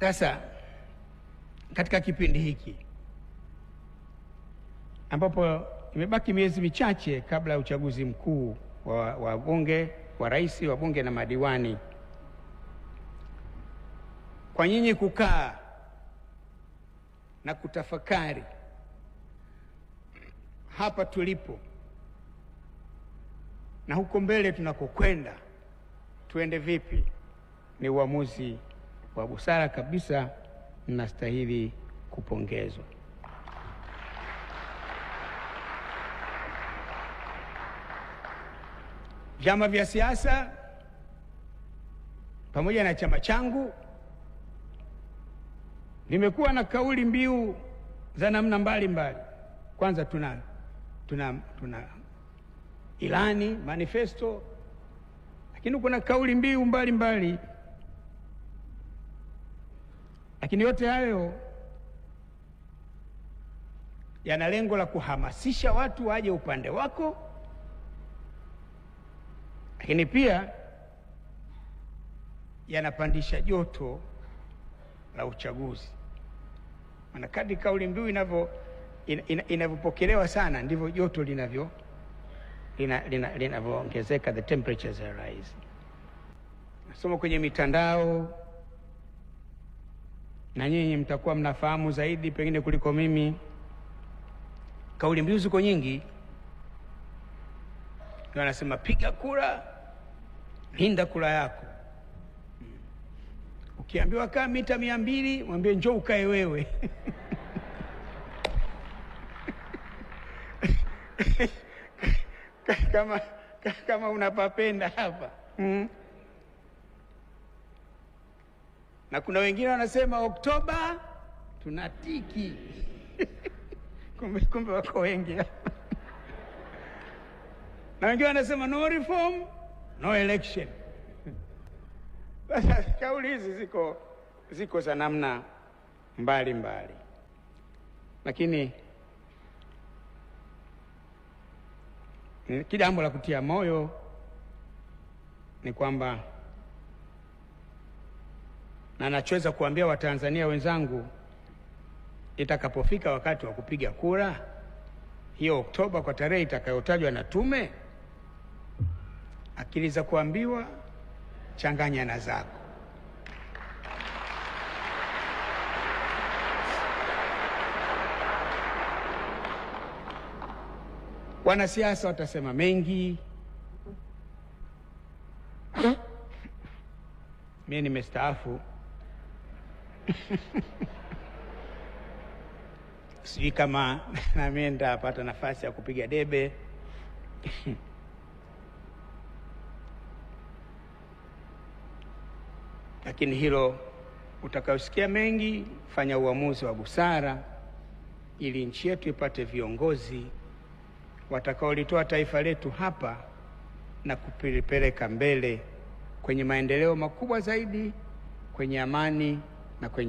Sasa katika kipindi hiki ambapo imebaki miezi michache kabla ya uchaguzi mkuu wa wabunge wa rais wa bunge na madiwani, kwa nyinyi kukaa na kutafakari hapa tulipo na huko mbele tunakokwenda, tuende vipi, ni uamuzi kwa busara kabisa, mnastahili kupongezwa. Vyama vya siasa pamoja na chama changu vimekuwa na kauli mbiu za namna mbalimbali. Kwanza tuna, tuna, tuna ilani manifesto, lakini kuna kauli mbiu mbalimbali lakini yote hayo yana lengo la kuhamasisha watu waje upande wako, lakini pia yanapandisha joto la uchaguzi. Maana kadri kauli mbiu inavyo inavyopokelewa ina, sana ndivyo joto linavyo linavyoongezeka, the temperatures are rising. Nasoma kwenye mitandao na nyinyi mtakuwa mnafahamu zaidi pengine kuliko mimi. Kauli mbiu ziko nyingi, wanasema piga kura, linda kura yako. Hmm. Ukiambiwa kaa mita mia mbili, mwambie njoo ukae wewe kama, kama unapapenda hapa mm na kuna wengine wanasema Oktoba tunatiki kumbe, kumbe wako wengi na wengine wanasema no reform no election. Sasa kauli hizi ziko ziko za namna mbalimbali, lakini kijambo la kutia moyo ni kwamba na nachoweza kuambia Watanzania wenzangu, itakapofika wakati wa kupiga kura hiyo Oktoba kwa tarehe itakayotajwa na tume, akili za kuambiwa changanya na zako. Wanasiasa watasema mengi. Mimi nimestaafu. sijui kama nami nitapata nafasi ya kupiga debe lakini hilo utakayosikia mengi, fanya uamuzi wa busara ili nchi yetu ipate viongozi watakaolitoa taifa letu hapa na kupeleka mbele kwenye maendeleo makubwa zaidi, kwenye amani na kwenye